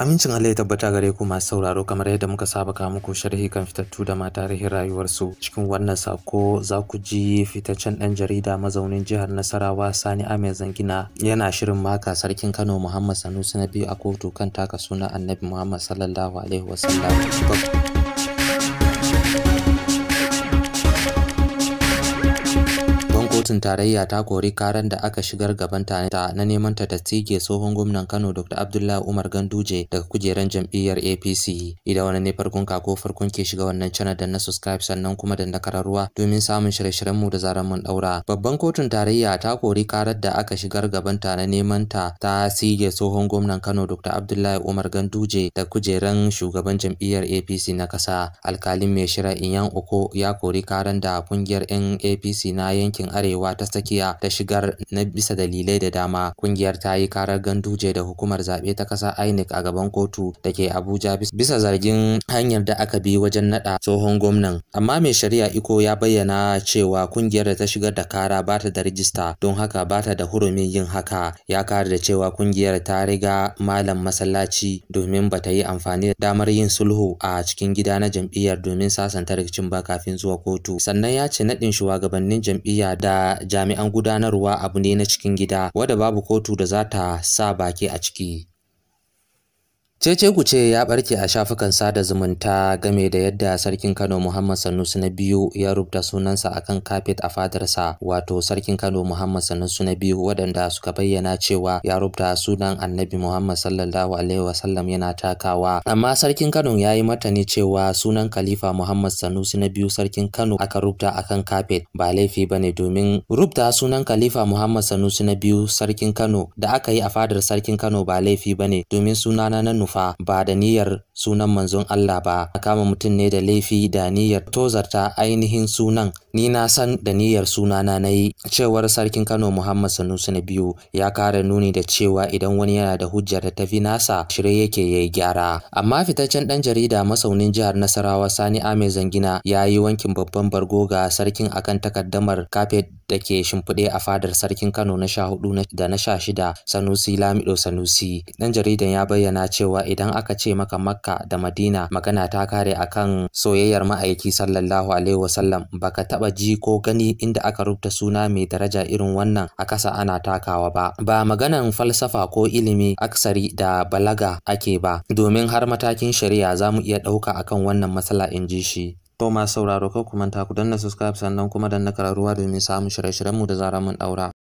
Amincin Allah ya tabbata gare ku masu sauraro kamar yadda muka saba ka muku sharhi kan fitattu da ma tarihin rayuwarsu. Cikin wannan sako za ku ji fitaccen dan jarida mazaunin jihar Nasarawa Sani Ahmed Zangina yana shirin maka sarkin Kano Muhammad Sanusi na biyu a kotu kan taka suna Annabi Muhammad sallallahu alaihi wasallam. Kotun tarayya ta kori karan da aka shigar gaban ta na neman ta tsige tsohon gwamnan Kano Dr. Abdullahi Umar Ganduje daga kujeran jam'iyyar APC. Idan wani ne farkon ka ko farkon ke shiga wannan channel dan na subscribe sannan kuma dan na domin samun shirye-shiryen mu da zaran mun daura. Babban kotun tarayya ta kori karar da aka shigar gaban ta na neman ta ta tsige tsohon gwamnan Kano Dr. Abdullahi Umar Ganduje da kujeran shugaban jam'iyyar APC na kasa. Alkalin mai shira Iyan Oko ya kori karan da kungiyar 'yan APC na yankin Arewa cewa ta tsakiya ta shigar na bisa dalilai da dama kungiyar ta yi karar ganduje da hukumar zaɓe ta ƙasa INEC a gaban kotu da ke Abuja bisa zargin hanyar da aka bi wajen naɗa tsohon gwamnan amma mai shari'a iko ya bayyana cewa kungiyar da ta shigar da kara ba ta da rijista don haka ba ta da hurumin yin haka ya kare da cewa kungiyar ta riga malam masallaci domin ba ta yi amfani da damar yin sulhu a cikin gida na jam'iyyar domin sasanta rikicin ba kafin zuwa kotu sannan ya ce naɗin shugabannin jam'iyya da jami'an gudanarwa abu ne na cikin gida wadda babu kotu da za ta sa baki a ciki Cece guce ya barke a shafukan sada zumunta game da yadda sarkin Kano Muhammad Sanusi na biyu ya rubuta sunansa akan kafet a fadarsa wato sarkin Kano Muhammad Sanusi na biyu waɗanda suka bayyana cewa ya rubuta sunan Annabi Muhammad sallallahu alaihi wasallam yana takawa amma sarkin Kano ya yi matani cewa sunan Khalifa Muhammad Sanusi na biyu sarkin Kano aka rubuta akan kafet ba laifi bane domin rubuta sunan Khalifa Muhammad Sanusi na biyu sarkin Kano da aka yi a fadar sarkin Kano ba laifi bane domin sunana na marufa ba da niyyar sunan manzon Allah ba a kama mutum ne da laifi da niyyar tozarta ainihin sunan ni na san da niyyar sunana na yi cewar sarkin Kano Muhammad Sanusi na biyu ya kare nuni da cewa idan wani yana da hujjar da tafi nasa shirye yake yayi gyara amma fitaccen dan jarida masaunin jihar Nasarawa Sani Ame Zangina ya yi wankin babban bargo ga sarkin akan takaddamar kafet da ke shimfiɗe a fadar sarkin Kano na sha hudu da na sha shida Sanusi Lamido Sanusi dan jaridan ya bayyana cewa cewa idan aka ce maka Makka da Madina magana ta kare akan soyayyar ma'aiki sallallahu alaihi wasallam baka taba ji ko gani inda aka rubuta suna mai daraja irin wannan a kasa ana takawa ba ba maganan falsafa ko ilimi aksari da balaga ake ba domin har matakin shari'a za mu iya ɗauka akan wannan matsala in ji shi To masu sauraro ko kuma ta ku danna subscribe sannan kuma danna kararuwa domin samun shirye-shiryenmu da zara mun ɗaura.